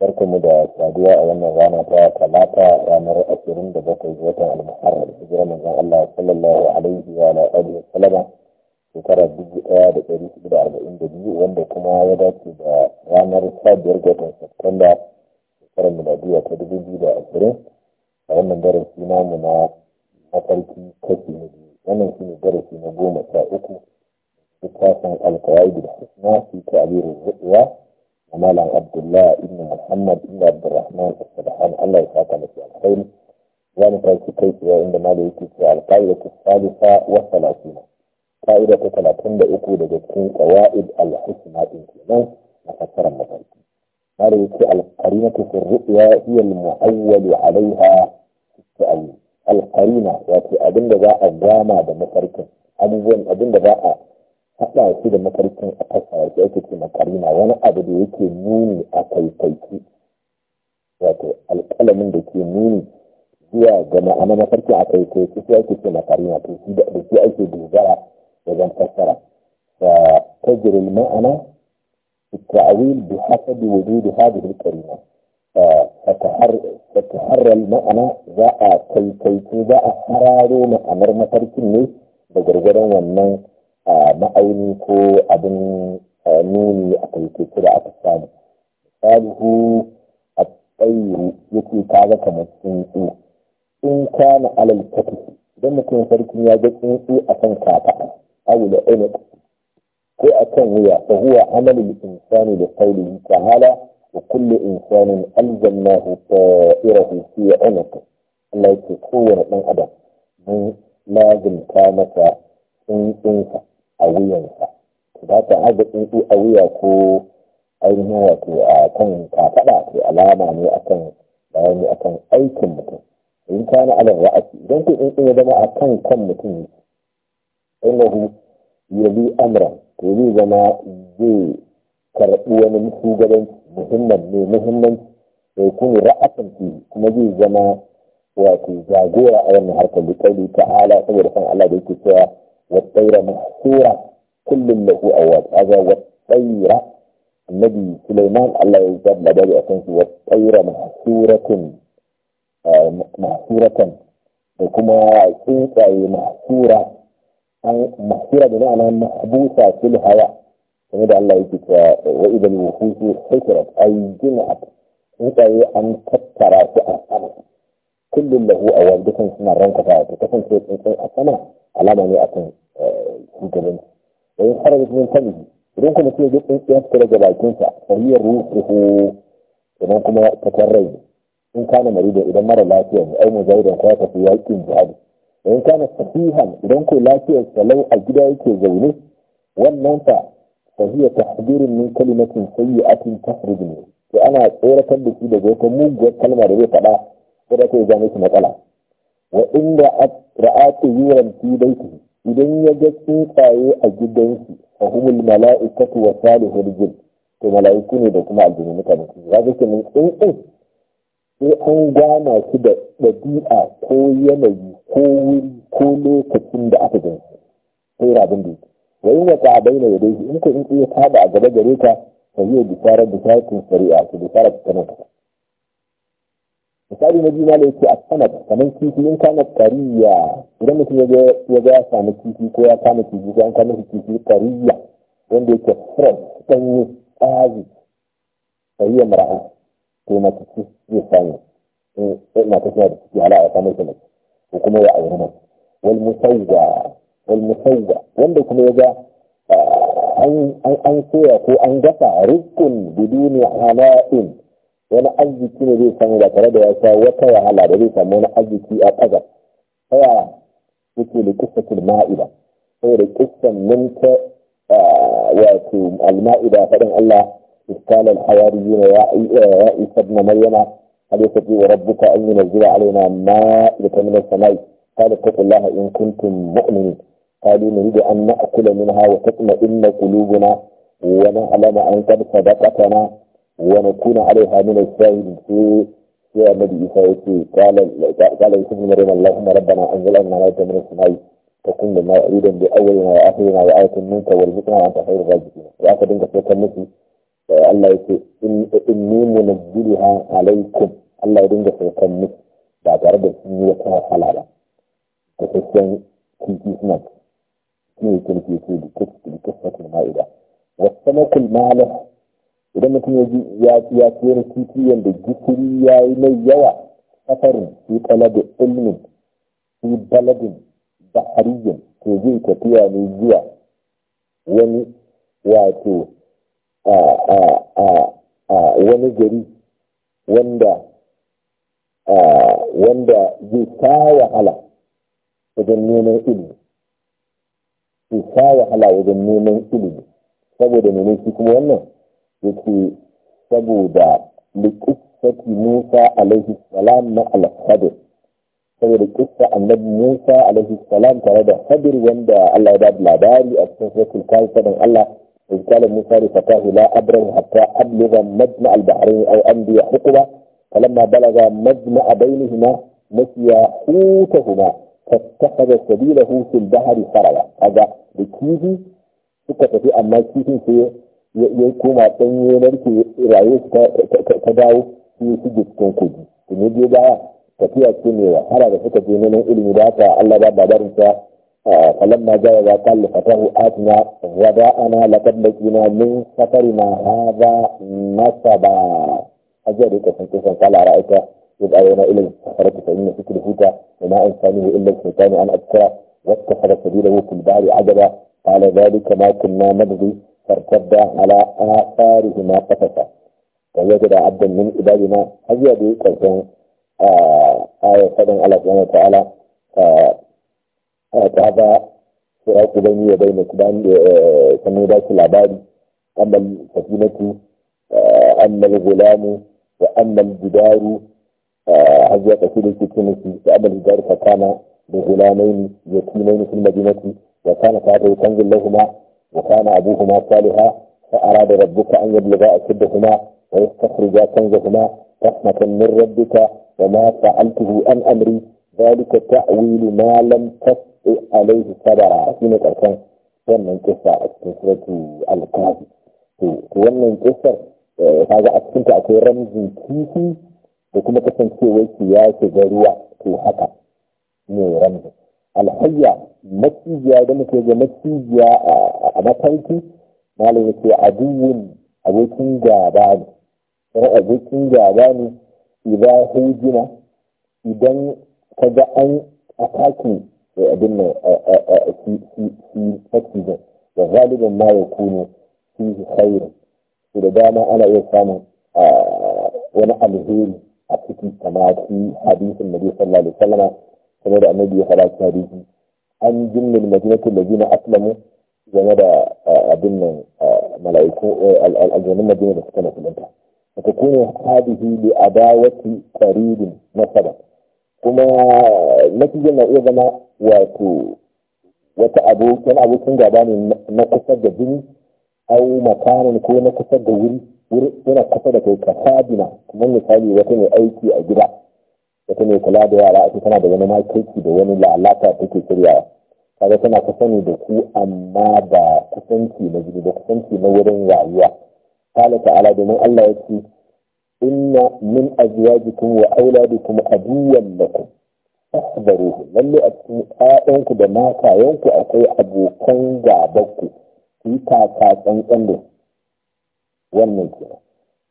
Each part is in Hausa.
mu da saduwa a wannan rana ta talata ranar ashirin da bakwai ga watan almuharram hijirar manzon Allah sallallahu alaihi wa ala alihi wa sallama shekara dubu ɗaya da ɗari hudu da arba'in da biyu wanda kuma ya dace da ranar sha biyar ga watan Satumba shekarar miladiya ta dubu biyu da ashirin a wannan darasi namu na mafarki kashi na biyu wannan shi ne darasi na goma sha uku littafin alkawai da husna fi ta'abirin ruɗuwa malam abdullah ibn muhammad ibn abdurrahman as-sabhan Allah ya saka masa alkhairi za mu kai tsaye inda malam yake cewa alqaidatu salisa wa salasina ka'ida ta talatin da uku daga cikin qawaid al-husna din kenan na fassarar mafarki malam yake alqarinatu fi ru'ya hiya al-mu'awwal 'alayha fi al abinda za a gama da mafarkin abubuwan abinda za haɗa shi da mafarkin a ƙasa da ake ce makarina wani abu da yake nuni a kaikaici wato alƙalamin da ke nuni zuwa ga ma'ana mafarki a kaikaici sai ake ce makarina to shi da shi ake dogara wajen fassara fa tajril ma'ana التعويل بحسب وجود هذه الكلمة فتحر فتحر المعنى ذا كي كي ذا حرارو معنى مفركين ne da gargaran wannan A ma'auni ko abin nuni a kalkuku da aka samu salihu a tsayiru yake ga kamar tsuntsu in kana alal katifi don mutum sarkin ya ga tsuntsu a kan kafa awula enek ko a kan wuya ta huwa amalin insani da ta hala wa kulle insanin alzamnahu ta'irahu fi unuq Allah yake kowane ɗan adam mun lazimta masa tsuntsunsa a wuyansa za ta aga tsuntsu a wuya ko ainihin wato a kan kafaɗa ko alama ne akan bayani kan aikin mutum in na alal ra'asi idan ku tsuntsu ya zama akan kan mutum innahu bi amra to zai zama zai karɓi wani shugabanci muhimman ne muhimmanci sai kuma ra'asan fi kuma zai zama wato jagora a wannan harkar da ta'ala saboda kan Allah da yake cewa والطير محصورة كل له أواب هذا والطير النبي سليمان الله يجاب لبالي أكنس والطير محصورة آه، محصورة وكما تنسى محصورة محصورة بمعنى محبوسة في الهواء فماذا الله يجب وإذا الوفوس حسرت أي جمعت أنت أن تترى في الأرض kullum lahu a wani dukan suna ranka ta ta kasance tsuntsun a sama alama ne akan shugabanci da yin fara min kalbi idan kuma sai duk tsuntsun ya fita daga bakinsa sahiyar ruhu idan kuma ta rai in kana marido idan mara lafiya ne ai mujahidan ko ya tafi yakin jihadi da in kana sahihan idan ko lafiyar salau a gida yake zaune wannan fa sahiyar tahdirin min kalimatin sayyi'atin tasrijni to ana tsoratar da shi daga wata muguwar kalma da zai faɗa ko da ya gane matsala wa inda ra'atu yuran fi idan ya ga tsuntsaye a gidansu fa humul mala'ikatu wa salihul jinn to mala'iku ne da kuma aljinu mutane za ga kenan tsuntsun sai an gana su da ɗabi'a ko yanayi ko wuri ko lokacin da aka gan su sai rabin da wa yin wata abai na yadda in ko in ya tada a gaba gare ka fa zai bisarar bisaratin shari'a ta bisarar ta misali na biyu ma da yake a sanad kamar kifi in kana kariya idan mutum ya ga ya samu kifi ko ya kama kifi ko an kama kifi kariya wanda yake fresh yi tsazi kariya mara'a ko mace ce zai samu ko eh, mata tana da ciki hala a samun ko kuma ya auri mace wal musawwa wal musawwa wanda kuma ya ga ah, an soya ko an gasa rizqun biduni ana'in wani arziki ne zai samu ba tare da ya sha wata wahala da zai samu wani arziki a ƙasa ta yaya yake da kissatul ma'ida saboda kissan nan ta wato al-ma'ida faɗin Allah iskal al-hawariyina ya ya isa ibn maryama hal yasbi wa rabbuka an yunzila alaina ma'idatan min as-sama'i qala taqullaha in kuntum mu'minin قالوا نريد أن نأكل منها وتطمئن قلوبنا ونعلم أن قد صدقتنا ونكون عليها من الشاهد في في النبي يسوع قال قال يسوع مريم اللهم ربنا انزل لنا ملائكة من السماء تكون لنا عيدا بأولنا واخرنا وآية منك وارزقنا وانت خير الرازقين واخر انك تتكلم الله يقول اني منزلها عليكم الله يدنك تتكلم مثلي بعد رب السنية كما خلالا تفسين كي تسمع كي تلك يسوع لكتب لكفة المائدة والسمك المالح idan mutum ya ji ya titi yanda gukuri ya yi mai yawa safarin fi da ilmin su baladin harijin to zai tafiya ne zuwa wani wato a wani gari wanda wanda zai sa wahala wajen neman ilimi zai sa wahala wajen neman ilimi saboda neman shi kuma wannan yake saboda likissati Musa alaihi salam na al-Khadir saboda kissa annabi Musa alaihi salam tare da Khadir wanda Allah ya ba labari a cikin suratul Kawthar dan Allah إذ قال موسى لفتاه لا أبرم حتى أبلغ مجمع البحرين أو أمضي حقبة فلما بلغ مجمع بينهما نسي حوتهما فاتخذ سبيله في البحر سربا هذا بكيفي سكت في أما كيفي في ya koma ɗanye narke rayuwa ta dawo su yi su cikin kogi to ne biyo baya tafiya ce mai wahala da suka je neman ilimi da haka Allah ba labarin ta falan ma jawa ba kalli fatahu atina wada ana lakad lakina min safari ma hada masaba ajiyar da kasan kusan kala ra'aita يبقى يوم إلى السفرة فإن فكر هدى وما أنسانه إلا الشيطان أن أذكره واتخذ سبيله في البحر عجبا قال ذلك ما كنا نبغي فارتد على آثارهما قصصا ويجد عبدا من عبادنا أزيد قلتهم آه، آية قدم الله سبحانه وتعالى آه، آه، هذا فراق بيني وبين كبان سمي ذات العباد أما السفينة أما الغلام وأما الجدار هذه قصيدة السكينة وأما الجدار فكان بغلامين يتيمين في المدينة وكان فهذا يكنز لهما وكان أبوهما صالحا فأراد ربك أن يبلغا أشدهما ويستخرجا كنزهما رحمة من ربك وما فعلته عن أمري ذلك تأويل ما لم تسطع عليه صبرا حين تركان ومن كسر السفرة القاضي ومن كسر آه، هذا أكسنت أكو رمز كيفي وكما كسنت سيوي سياسة ذروة في حقا مو رمزك alhayya macijiya da muke ga macijiya a matanki malam ya ce abokin gaba ne wani abokin gaba ne idan hujina idan ka ga an ataki da eh, abin nan eh, eh, shi macijin da galibin ma ya kuno shi khairu da dama ana iya samun ah, wani alheri a ciki tamaki hadisin nabi sallallahu alaihi wasallam kuma da annabi ya faɗa an hadisi an jinnil madinatul ladina aslamu game da abin nan mala'iku aljannin madina da suka musulunta ta kuma hadihi li adawati qaribin nasaba kuma natijan na iya zama wato wata abokin abokin gaba ne na kusa da jini au makanin ko na kusa da wuri yana kusa da kai kasabina kuma misali wata mai aiki a gida wata mai kula da yara ake tana da wani makirki da wani lalata take shiryawa kaga tana ka sani da ku amma ba kusanci na jini ba kusanci na wurin rayuwa kala ta'ala domin Allah ya ce inna min azwajikum wa auladikum aduwwan lakum tahdaruhu lalle a cikin ƴaƴanku da matayenku akwai abokan gabanku ku yi taka tsantsan da wannan kenan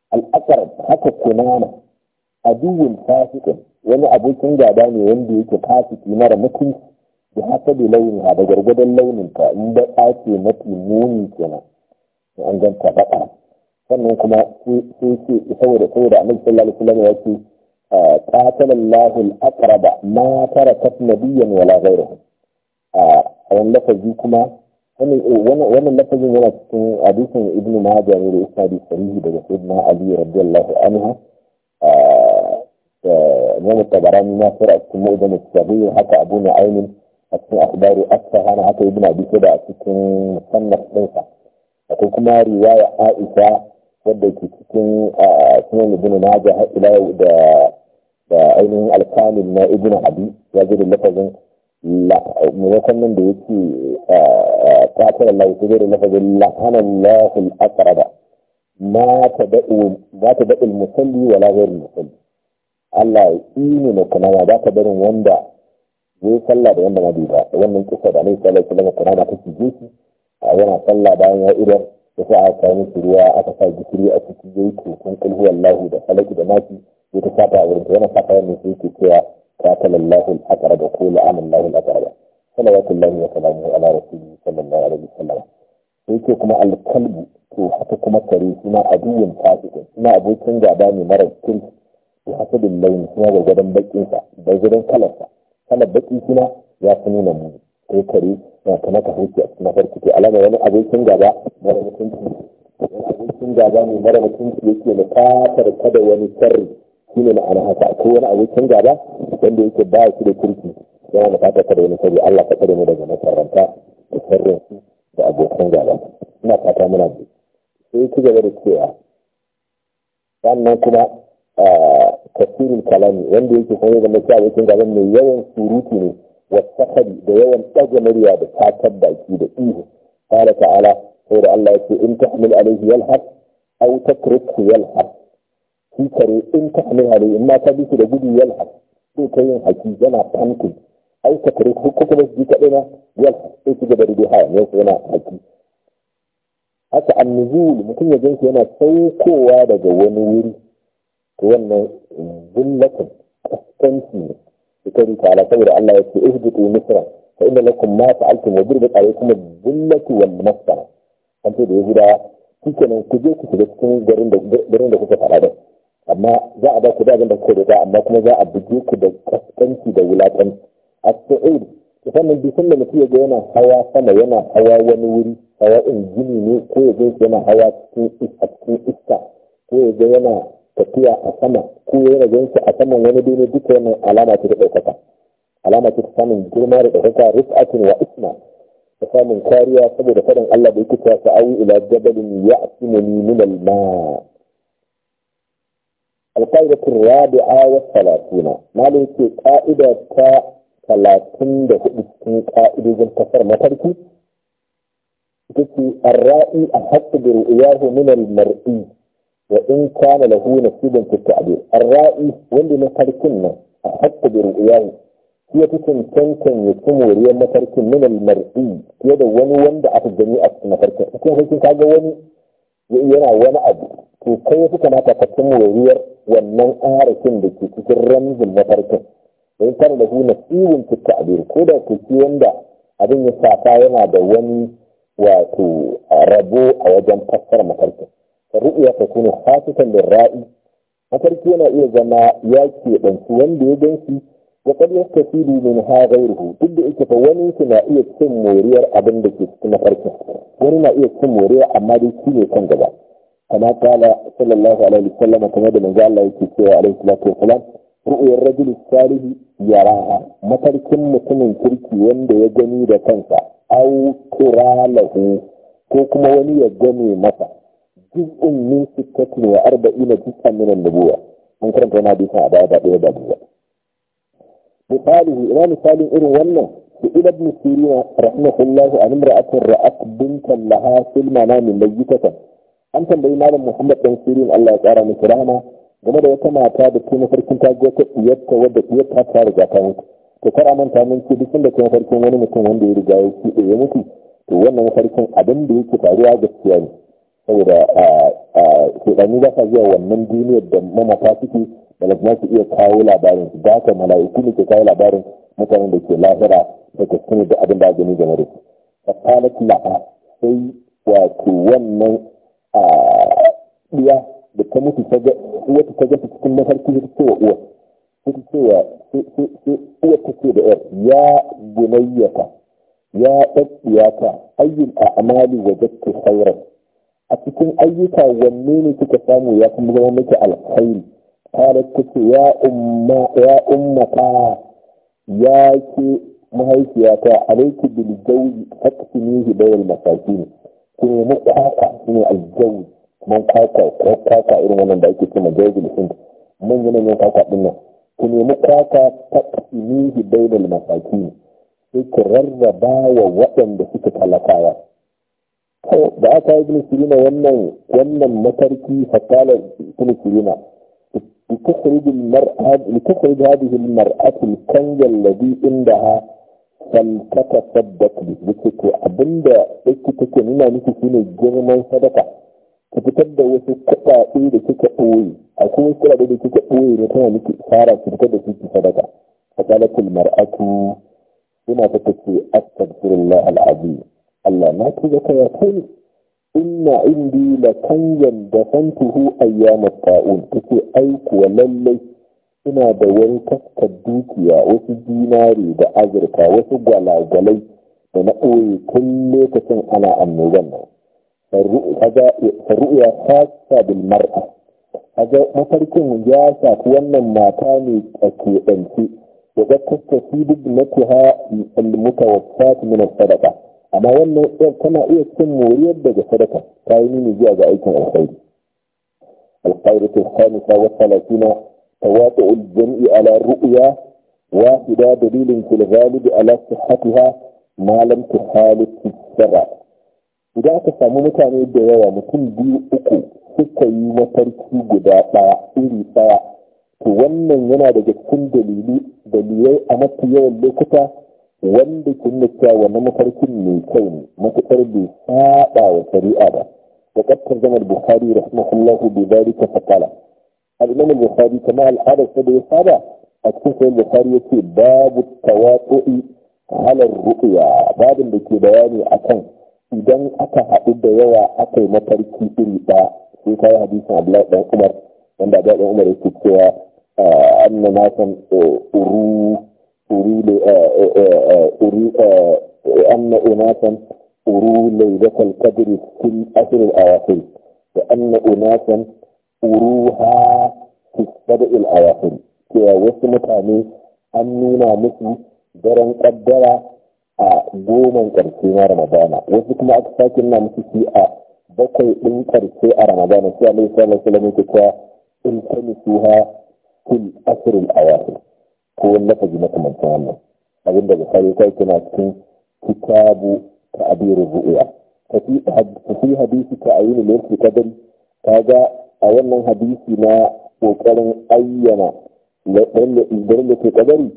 al'akar haka kunana aduwwun fasikin wani abokin gaba ne wanda yake fasiki mara mutunci da haka da launin ha da gwargwadon launin ta in da tsace mafi muni kenan an ganta baka sannan kuma sai ce saboda saboda annabi sallallahu alaihi wasallam ya ce qatalallahu al-aqraba ma tarakat nabiyyan wala ghayruhu a wani lafazi kuma wannan lafazin yana cikin hadisin ibnu majah ne da isnadi sahihi daga sayyidina ali radiyallahu anhu imamu tabarani na sura a cikin mu'jamu sabiyu haka abu na a cikin akhbaru asfahana haka ibn abi da a cikin musannaf ɗinsa akwai kuma riwaya aisha wadda ke cikin sunan ibn majah har ila da da ainihin alkamil na ibn abi ya ji da lafazin maimakon nan da yake kafin Allah su da lafazin la'anan lahul ma musalli wa la ghairul musalli Allah ya yi tsine mai kunama za ka barin wanda zai sallah da wanda madu ba wannan kisa da alaihi sallallahu alaihi kunama ta cije a yana sallah bayan ya idar da sai aka kawo musu ruwa aka sa gishiri a ciki yayi kokon kulhu wallahu da falaki da nasi ya ta sata a wurin yana sata wannan sai yake cewa قاتل الله الأقرب وقول آمن الله الأقرب صلوات الله ala على sallallahu alaihi wa sallam sai yake kuma alkalbu to haka kuma kare suna aduwin fasikin suna abokin gaba ne mara kirki bi hasabin launi kuma gargadon bakin sa gargadon kalar sa kalar baki kuma ya fi nuna mu kai kare na kana ka huce na farko ke alama wani abokin gaba mara mutunci wani abokin gaba ne mara mutunci yake da fatar kada wani sarri shi ne ma'ana haka ko wani abokin gaba wanda yake ba shi da kirki yana da fatar kada wani sarri Allah ka kada mu daga makaranta da sarrin da abokan gaba ina fata muna bi sai ku gaba da cewa sannan kuma kasirin kalami wanda yake kuma ya zama cewa yake gaban mai yawan surutu ne wa sakari da yawan ɗaga murya da fatan baki da ihu kala ta'ala sai da Allah ya ce in tahmil alaihi yalhaq aw yal har, shi kare in tahmil alaihi in ma ka bi da gudu yalhaq sai ta yin haki yana fankin ta tatrukhu ko kuma shi kadai yal har, sai ki gaba da duha ne yana haki haka annuzul mutum ya jinki yana saukowa daga wani wuri ko wannan zillatun kaskanci ne ita rita ala saboda Allah ya ce ihbitu misra fa inna lakum ma fa'altum wa durbat alaykum kuma dhillatu wal masara an ce da yahuda kikenan ku je ku shiga cikin garin da garin da kuka fara da amma za a ba ku dagan da kuka da amma kuma za a buge ku da kaskanci da wulakan as-su'ud ta fannin bisan da mutum ya ga yana hawa sama yana hawa wani wuri hawa in gini ne ko ya ga yana hawa cikin iska ko ya ga yana tafiya a sama ko ya rage shi a saman wani dole duka wannan alama ce ta ɗaukaka alama ce ta samun girma da ɗaukaka rufatin wa isma ta samun kariya saboda faɗin Allah da yake cewa sa'awu ila jabalin ya asimuni min alma alqaidatu rabi'a wa salatuna malin ce ka'ida ta talatin da huɗu cikin ka'idojin kasar mafarki ita ce arra'i a haƙƙi da ru'uyahu min almar'i وإن كان له نصيب في التعبير الرائي وإن لمتركنا حق برؤياه هي تكون تنكن يتم وريا مترك من المرئي هي ده وان وان ده أفض جميع أفض مترك تكون هل تنكا جواني يأينا وان أبو في كي تكون هكا تتم وريا ومن أعرف بك تكون رمز المترك وإن كان له نصيب في التعبير كودا تكون ده أبين يساعتا ينا ده وان وتو ربو أو جمع أفضل مترك ru'ya takunu khasatan lirra'i mafarki yana iya zama ya ke keɓanci wanda ya gansu wa kad yastasibu min ha ghayruhu duk da ita fa wani na iya cin moriyar abin da ke cikin mafarkin wani na iya cin moriya amma dai shi ne kan gaba kama kala sallallahu alaihi wasallam kamar da manzo Allah yake cewa alaihi salatu wasalam ru'yar rajul salih yaraha mafarkin mutumin kirki wanda ya gani da kansa au kuralahu ko kuma wani ya gani masa juz'un min sittatin wa arba'ina juz'an min an-nubuwa an karanta wannan hadisin a baya ba ɗaya ba biyu ina misalin irin wannan سئل ابن سيرين a الله عن امرأة رأت بنتا لها في المنام ميتة an tambayi malam Muhammad dan Sirin Allah ya tsara miki rahama game da wata mata da ke mafarkin ta je ta diyarta wadda diyarta ta riga ta mutu to kar manta min ki duk da ke mafarkin wani mutum wanda ya riga ya ki ya mutu to wannan mafarkin abin da yake faruwa gaskiya ne saboda shaɗani ba sa zuwa wannan duniyar da mamata suke balagna su iya kawo labarin su ba ka mala'iku ne ke kawo labarin mutanen da ke lahira da ke sune da abin da a gani game da su fasalat la'a sai wato wannan a ɗiya da ta mutu wata ta gasa cikin mafarki ta ce wa uwa ta ce wa uwa ta ce da yar ya bunayyata ya ɗaɗɗiyata ayyul a wajen ta sauran a cikin ayyuka wanne ne kika samu ya kuma zama miki alkhairi kada ce ya umma ya ta, ya ke mahaifiyata alaiki bil jawzi faqtinihi bayal masakin ku nemi kwakwa ne aljawzi man kwakwa ko kwakwa irin wannan da ake cewa jawzul hind mun yi nan kwakwa din nan ku nemi kwakwa faqtinihi bayal masakin sai ku rarraba wa waɗanda suka talakawa da aka yi ibn sirina wannan wannan matarki fakala ibn sirina لتخرج المرأة لتخرج هذه المرأة الكنز الذي عندها فلتتصدق به لكي أبن دا إكي تكنينا نكي سيني جرمان صدقة تتكد وسي كتا إيه لكي تقوي أو كم يسكرا دي لكي تقوي نتنا نكي إسارة تتكد سيكي صدقة فقالت المرأة هنا تتكي أستغفر الله العظيم الله ما كذلك يقول إن عندي لكي دفنته أيام الطاؤون تكي أيك وللي إنا دوان كفك الدوكيا وفي ديناري بأزرقا وفي قلع قلي ونقوي كل كسن أنا أن نظن فالرؤية خاصة بالمرأة هذا مفرق مجاسة وأن ما كانوا أكي أنسي وقد تستفيد ابنتها المتوفاة من الصدقة amma wannan ɗan kana iya cin moriyar daga sadaka ta yi nuni zuwa ga aikin alkhairi القاعدة الخامسة والثلاثين تواطؤ الجمع على الرؤيا واحدة dalilin في الغالب على صحتها ما malam ta halittu الشرع idan aka samu mutane da yawa mutum biyu uku suka yi mafarki guda ɗaya iri ɗaya to wannan yana daga cikin dalilai a mafi yawan lokuta wanda kin da cewa wannan mafarkin mai kyau ne matuƙar bai saɓa wa shari'a ba da ƙasar zamar bukhari rahimahullahu bi zalika faqala al-imam al-bukhari kamar al'ada sa da ya saba a cikin sahih bukhari yace babu tawatu'i halar ru'ya babin da ke bayani akan idan aka haɗu da yawa aka yi mafarki iri ɗa sai yi hadisin abdullahi dan umar wanda abdullahi ɗan umar yake cewa ah, annan nasan eh, uru أريد آه، آه، آه، أن أناسا أروي ليلة القدر في أثر الأواخر وأن أناسا أروها في السبع الأواخر كي وسم تاني أنينا مثل درن قدر دوما كرسينا رمضان وسك ما أكساكنا مثل في بقي إن كرسي رمضان صلى الله عليه وسلم والسلام كتا في أثر الأواخر ko wani lafazi makamancin wannan abin da bukari kai tana cikin kitabu ta abirin ru'uya tafi hadisi ta ayyuni ne su kadari ga a wannan hadisi na kokarin ayyana idan da ke kadari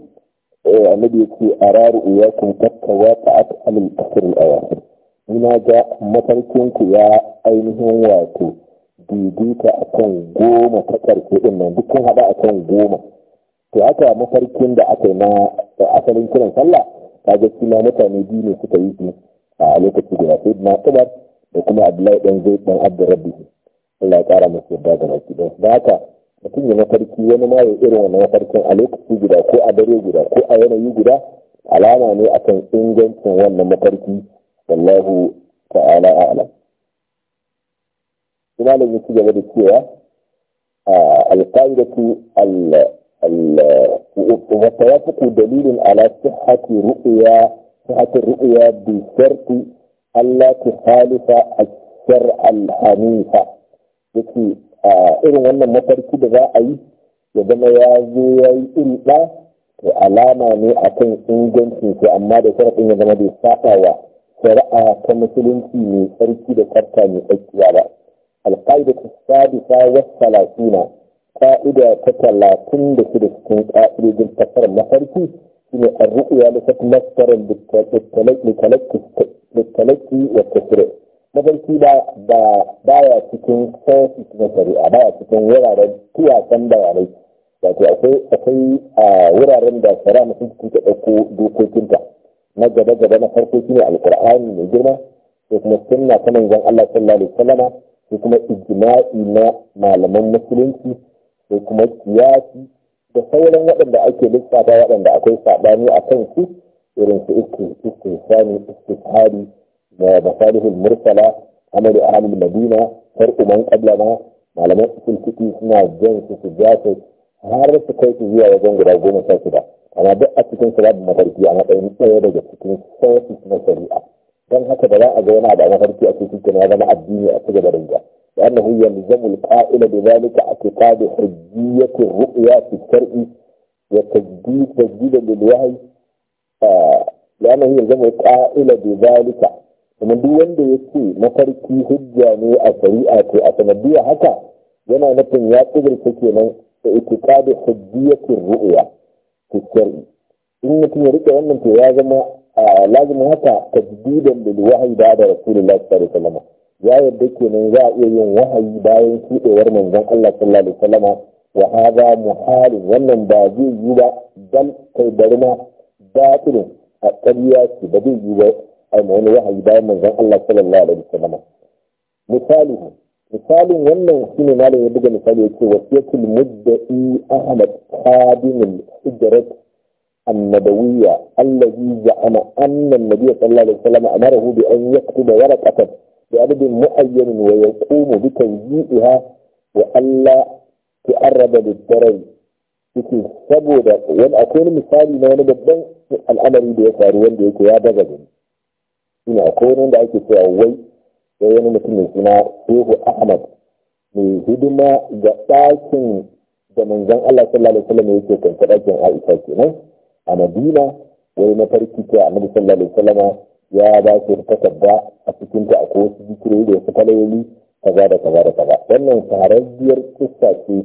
eh, annabi ya ce a raru uwa kun tattawa ta aka asirin a wasu ina ga ku ya ainihin wato daidaita akan goma ta karfe ɗin nan dukkan haɗa akan goma to aka mafarkin da aka yi na asalin kiran sallah ta ga shi ma mutane biyu ne suka yi su a lokaci guda sai na umar da kuma abdullahi dan zai dan abdurrabbi Allah ya kara masa da baki dan da haka mutum ya mafarki wani ma ya irin wannan mafarkin a lokaci guda ko a dare guda ko a yanayi guda alama ne akan ingancin wannan mafarki wallahu ta'ala a'lam kuma da ci gaba da cewa a alƙa'idatu al وتوافق دليل على صحة رؤيا صحة الرؤيا بشرط ألا تخالف الشرع الحنيف. لكن آه، إذا أن مصر كده رأي يبنى يا إلا وعلامة ني أكن إنجن في أما ده شرط إنجن ما دي ساقوا شرع كمسلين فيني فريكي ده شرطاني أكيارا القايدة السادسة والثلاثين ka'ida ta talatin da da cikin ka'idojin fasar mafarki a arru'ya da ta nasarar littalaki wa tasirai mafarki ba ya cikin sosis na shari'a ba ya cikin wuraren tuwasan bayanai wato akwai akwai a wuraren da shari'a mutum cikin ta ɗauko dokokinta na gaba-gaba na farko shine alkur'ani mai girma sai kuma sunna ta manzon Allah sallallahu alaihi wasallama sai kuma ijma'i na malaman musulunci ko kuma siyasi da sauran waɗanda ake lissafa waɗanda akwai saɓani a kan su irin su istisani tsari da masalihul mursala amadu ahlul madina har man qabla ma malaman usul suna jan su su ja su har su kai su zuwa wajen guda goma sha shida amma duk a cikin su babu mafarki a matsayin ɗaya daga cikin sosis na shari'a don haka ba za a ga wani abu a mafarki a cikin ya zama addini a cigaba da لأنه يلزم القائل بذلك اعتقاد حجية الرؤيا في الشرع وتجديد تجديدا للوهي لأنه يلزم القائل بذلك ومن دون ده يكي مفركي حجة ني أسريعة أتنبيه حتى ya ƙudurta kenan da itikadi hujjiyatin ru'ya fi shar'i in mutum ya rike wannan to ya zama lazimin haka tajdidan bil wahyi da da rasulullahi ya yadda kenan za a iya yin wahayi bayan shuɗewar manzon Allah sallallahu alaihi wasallam wa hada muhal wannan ba zai yi ba dan kai bari ma a ƙarya ce ba zai yi ba a wani wahayi bayan manzon Allah sallallahu alaihi wasallam misali misalin wannan shine malam ya buga misali yace wasiyatul mudda'i Ahmad Khadim al-Hijrat النبوية الذي زعم أن النبي صلى الله عليه وسلم أمره بأن يكتب ورقة بعدد معين ويقوم بتنزيئها وألا تعرض للضرر yake saboda wani akwai misali na wani babban al'amari da ya faru wanda yake ya daga gani ina akwai wani da ake cewa wai da wani mutum mai suna Shehu Ahmad mai hidima ga ɗakin da manzon Allah sallallahu alaihi wasallam yake kwanta ɗakin Aisha kenan a Madina wai mafarki ta Annabi sallallahu alaihi wasallam ya dace da takarda a cikin ta akwai wasu zikirori da wasu kaloli kaza da kaza da kaza wannan shahararriyar kissa ce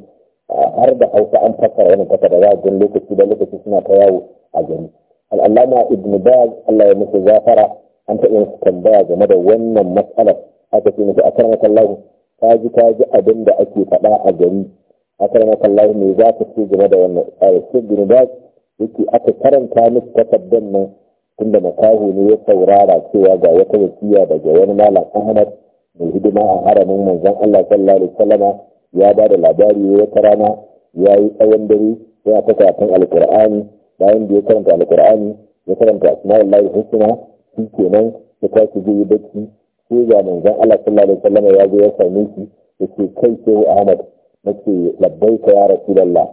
har da hausa an fassara wannan takarda za a gani lokaci da lokaci suna ta yawo a gani. al'allama ibn baz allah ya musu zafara an taɓa musu tambaya game da wannan matsalar aka ce musu akarma kallahu ka ji ka ji abin da ake faɗa a gari akarma kallahu me za ka ce game da wannan tsari ibn baz yake aka karanta musu takardar nan tunda makaho ne ya saurara cewa ga wata wasiya daga wani malam Ahmad mai hidima a haramin manzon Allah sallallahu alaihi wasallama ya ba da labari wata rana ya yi tsawon dare ya ta karatun alkur'ani bayan da ya karanta alkur'ani ya karanta asma'ullahi husna shi kenan ya tashi zai yi bacci sai ga manzon Allah sallallahu alaihi wasallama ya zo ya same shi yace kai sai Ahmad nace labbaika ya rasulullah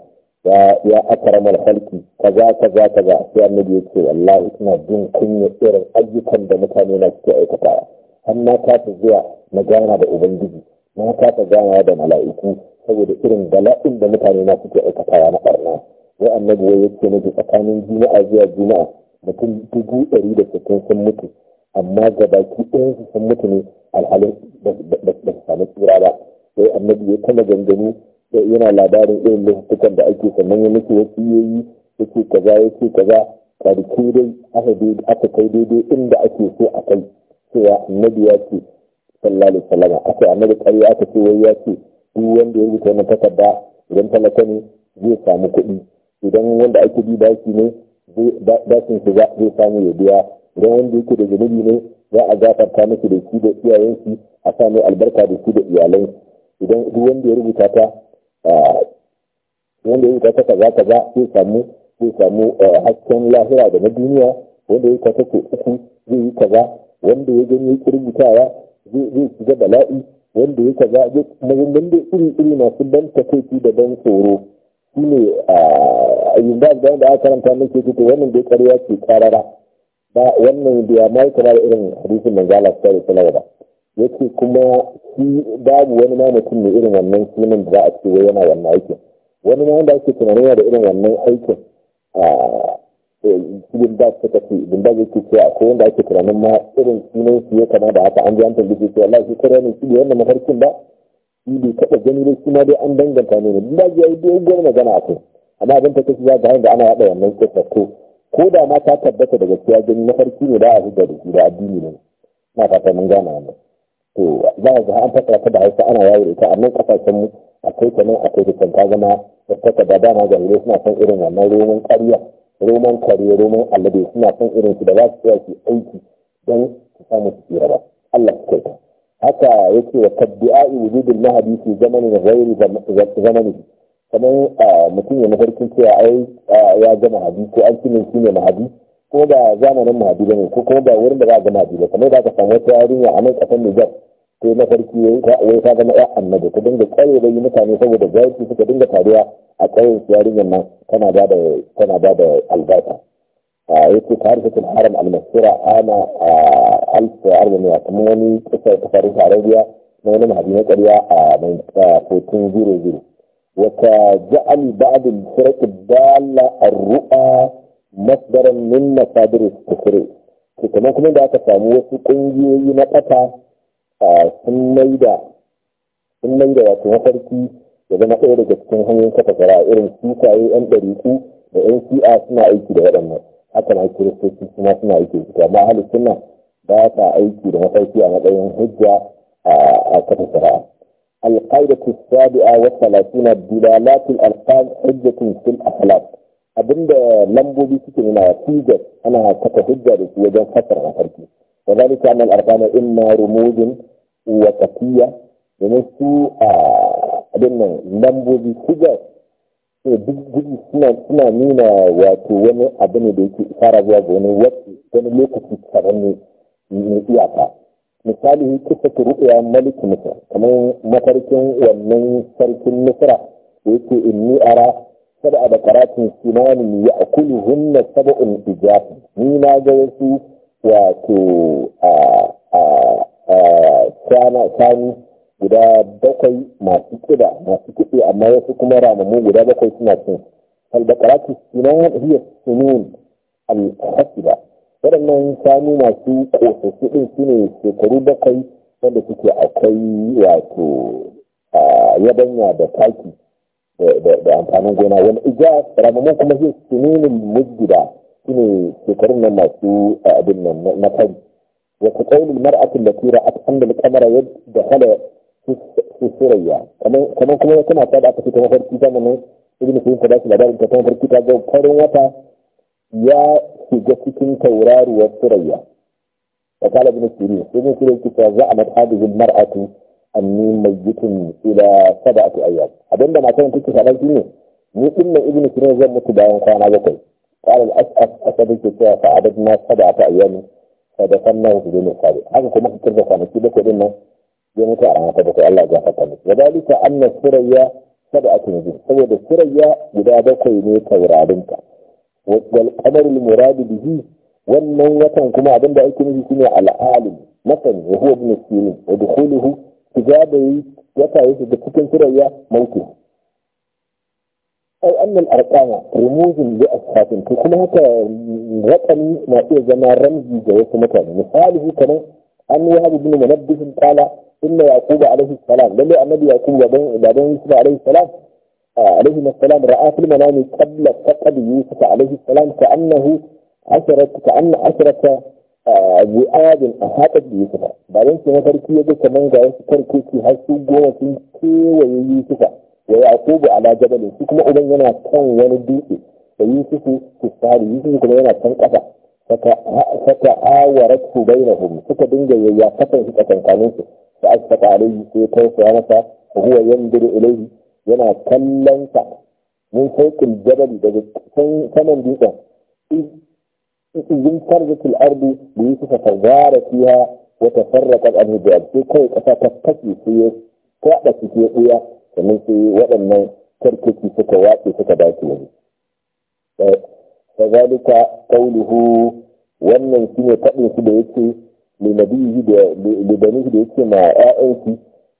ya ya akrama halki kaza kaza kaza sai annabi ya ce wallahi ina jin kunya irin ayyukan da mutane na suke aikatawa har na kafa zuwa na gana da ubangiji na kafa gana da mala'iku saboda irin bala'in da mutane na suke aikatawa na barna wai annabi ya ce miki tsakanin juma'a zuwa juma'a mutum dubu ɗari da sittin sun mutu amma gabaki ɗayan su sun mutu ne alhalin da su sami tsira ba sai annabi ya kama gangami yana labarin irin laifukan da ake sannan ya nufi wasu yoyi ce kaza ya ce kaza karke dai aka kai daidai inda ake so a kai cewa annabi ya ce sallallahu alaihi wasallam aka annabi ƙarya aka ce wai ya ce duk wanda ya rubuta wannan takarda idan talaka ne zai samu kuɗi idan wanda ake bi baki ne bakin shi zai samu ya biya idan wanda yake da zunubi ne za a gafarta miki da shi da iyayen shi a sami albarka da shi da iyalai idan duk wanda ya rubuta ta Ah, wanda ya kwata kaza kaza zai samu a samu eh, hasken lahira da na duniya wanda ya kwata ko uku zai yi kaza wanda ya gani rubutawa zai shiga bala'i wanda ya kaza zai magangan da iri iri masu ban takaici da ban tsoro shi ne ah, a ba da wanda aka karanta min ke fito wannan bai ƙarya ke ƙarara ba wannan da ya mai kamar irin hadisin manzala sallallahu alaihi wasallam yake kuma shi babu wani ma mutum mai irin wannan sunan da za a ce wai yana wannan aikin wani ma wanda ake tunanin da irin wannan aikin a cikin eh, da su ce idan da zai ce akwai wanda ake tunanin ma irin sunan su ya kama da haka an ji an tambaye cewa Allah shi kare ne shi ne wannan mafarkin ba shi bai taɓa gani da shi ma dai an danganta ne ne da zai yi dogon magana a kai amma abin ta kashi za ta hanyar da ana yaɗa wannan kisa ko ko da ma ta tabbata da gaskiya gani mafarki ne da a fi da da addini ne na fata mun gana wannan to za a ga an fasara ta da hausa ana yawo ita amma kasashen mu akwai ta nan akwai dukkan ta zama da ta da dama jarirai suna son irin wannan roman ƙarya roman kare roman alade suna son irin su da za su tsaya su aiki don su samu su tsira ba Allah su kyauta haka yake wa tabbi'a'i wujudul mahadi fi zamanin ghairi zamani kamar mutum ya mafarkin cewa ai ya ga mahadi ko an cime shi ne mahadi ko ba zamanin mahadi bane ko kuma ba wurin da za a ga mahadi ba kamar da aka samu wata yarinya a nan kasan Nijar sai na yayi ta wai ta zama ya annabi ta dinga kwaye da mutane saboda zaki suka dinga taruwa a kwayin yarinyar nan tana ba da tana ba da albarka a yake tarihin haram al ana a 1400 kuma wani kusa ta faru Arabiya na wani mahadi na ƙarya a 1400 wata ja'al ba'd al-firq dalla ar-ru'a masdaran min masadir al kuma kuma da aka samu wasu ƙungiyoyi na ƙasa sun maida sun maida wato mafarki ya zama ɗaya daga cikin hanyoyin kafa shari'a irin sukaye yan ku da yan shi'a suna aiki da waɗannan haka na kiristoci kuma suna aiki da su amma ahalin sunna ba ta aiki da mafarki a matsayin hujja a kafa shari'a القاعدة السابعة والثلاثين دلالات الألقاب حجة في الأخلاق abinda lambobi suke nuna tijar ana kafa hujja da su wajen fasara mafarki وذلك أن الأركان إما رموز وتقية domin su a abin nan lambobi shiga duk gudu suna nuna wato wani abu ne da yake fara zuwa ga wani wacce wani lokaci tsaron ne mai iyaka misali kisa ta ruɓewa maliki musa kamar mafarkin wannan sarkin misra da yake inni ara sada a bakaratin sinani ya akulu hunna saba'un ijafi ni na ga wasu wato kwana sani guda bakwai masu kuda masu kuɗi amma wasu kuma ramamu guda bakwai suna cin albakaratu suna iya sunun alhasiba waɗannan sani masu ƙosassu ɗin su ne shekaru bakwai wanda suke akwai wato yabanya da taki da amfanin gona wani ija ramamu kuma iya sununin mujgida shine shekarun nan masu abin nan na kai wata kaulin mar'atin da tura a kan da kamara ya da hala su surayya kamar kuma tana ta da aka fita mafarki ta mana ibn sun ka dashi labarin ta mafarki ta ga farin wata ya shiga cikin tauraruwar surayya wa kala ibn sirin ibn sirin kita za'amat hadhihi mar'atu anni mayyitun ila sab'ati ayyam abinda matan take faɗa shine ni din nan ibn sirin zan mutu bayan kwana bakwai قال الأسأف أسد كتاب فعبدنا سبعة أيام فدفناه دون قابل هذا كما كنت كنت كده كده يوم كان أنا تبقى الله جاء فتنس وذلك أن السرية سبعة نجوم هو السرية إذا بقي نيك ورادنك والقمر المراد به والنوة كما عدم بأيك da ake nufi shine al'alim masan ya huwa ibn sirin wa dukhuluhu shiga da أو أن الأرقام رموز لأشخاص كما هكا رقمي ما فيه زمان رمزي جواز مكان مثاله كما أن وهب بن منبه قال إن يعقوب عليه السلام لما النبي يعقوب بعدين يوسف عليه السلام آه، عليه السلام رأى في المنام قبل فقد يوسف عليه السلام كأنه عشرة كأن عشرة آه، وآد أحاطت بيوسف بعدين سنة تركية كمان جاء تركية في سوء جوة يوسف wa yaqubu ala jabalin shi kuma uban yana kan wani dutse da yusufu kufari yusufu kuma yana kan kasa saka awaratu bainahum suka dinga yayya kasan shi tsakankanin su fa asfaqa alayhi sai sa masa huwa yanzuru ilayhi yana kallon sa mun saukin jabali daga saman dutsen izin farzatul ardi da yusuf ta gara fiha wa tafarraqa anhu bi sai kai kasa ta kace sai ya kada su ke buya sannan sai waɗannan karkaci suka watse suka dace wani kazalika qauluhu wannan shine faɗin su da yake ce da li da yake ma ‘ya’yansu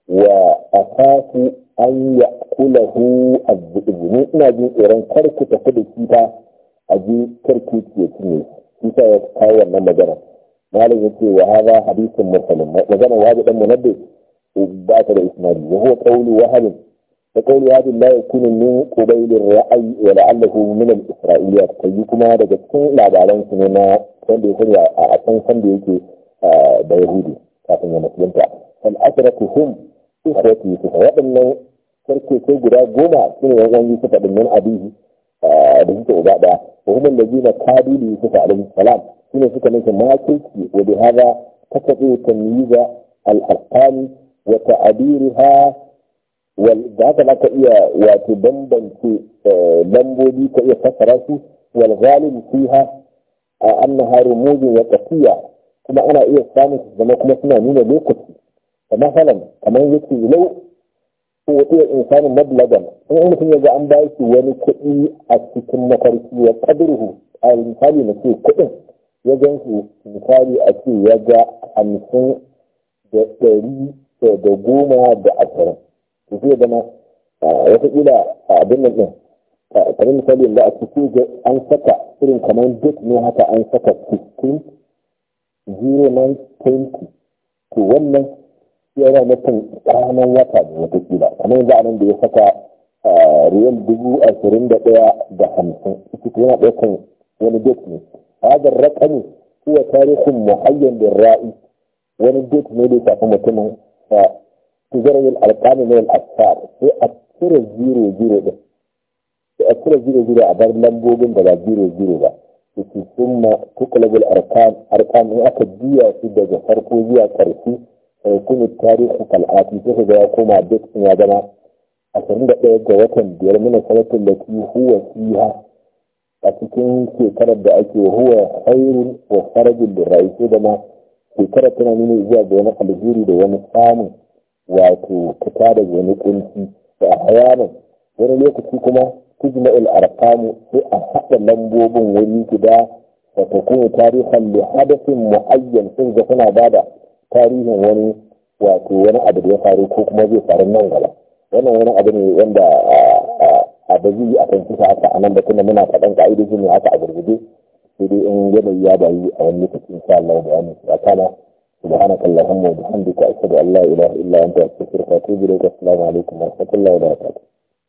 wa asafu an kula hu az-zibni ina jin tsoron kar tafi da shi ta a ji kar ke cinye shi sa ya kawo wannan magana malam yake wa hadha hadithun mursalin magana wajidan munabbi ba ta da isnadi wa huwa qawlu wahab da qawlu wahab la yakunu min qabil ar-ra'i wa la'allahu min al-isra'iliyat kai kuma daga cikin labaran su ne na wanda ya a can san da yake da yahudi kafin ya musulunta fal asrakuhum ikhwati yusuf waɗannan sarki sai guda goma su ne yan yusuf din nan abihi da suke uba ɗaya wa hum allazina kadu li yusuf alaihi salam shine suka nake makirki wa bi hada takafu tamyiza al-arqami wa ta'abiriha da ka iya wato bambance eh, lambobi ka iya fassara su wal ghalib fiha annaha rumuzun wa qatiya kuma ana iya samun su zama kuma suna nuna lokaci kamar halan kamar yake lau ko wata insanin mablagan in an mutum ya ga an shi wani kuɗi a cikin mafarki wa qadruhu a misali na ce kuɗin ya gan su misali a ce ya ga hamsin da ɗari to da goma da ashirin ku zai zama watakila a abin nan ɗin kamar misali da a ciki ga an saka irin kamar duk ne haka an saka 16,0920 to wannan ya yana nufin ranar wata ne watakila kamar za a nan da ya saka riyal dubu ashirin da ɗaya da hamsin ita yana ɗaukan wani duk ne hadar rakami, kuwa tarihin muhayyar da ra'i wani duk ne da ya tafi mutumin tijarayin alkanu ne al'asar sai a cire zero zero din sai a cire zero zero a bar lambobin da ba zero zero ba su ci sun ma kukulagul alkanu ne aka biya su daga farko zuwa karfi a hukumar tarihi kal'afi sai ga ya koma duk ya a ashirin da ɗaya ga watan biyar mana salatin da ki huwa siha a cikin shekarar da ake huwa hairun wa farajin da rayu sai da ma shekara tana nuna zuwa ga wani alheri da wani samun wato fita da wani kunci da a hayanan wani lokaci kuma tujma al sai a haɗa lambobin wani guda da ta kuma tarihin da hadafin mu'ayyan sun ga suna da tarihin wani wato wani abu da ya faru ko kuma zai faru nan gaba wannan wani abu ne wanda a ba zai yi a kan kusa haka a nan da kuma muna faɗan ka'idojin ne haka a gurguje sai in yanayi ya bayu a wani lokaci in sha Allah bayani ya kana subhanak allahumma wa bihamdika ashhadu an la ilaha illa anta astaghfiruka wa atubu ilayk assalamu alaikum wa rahmatullahi wa barakatuh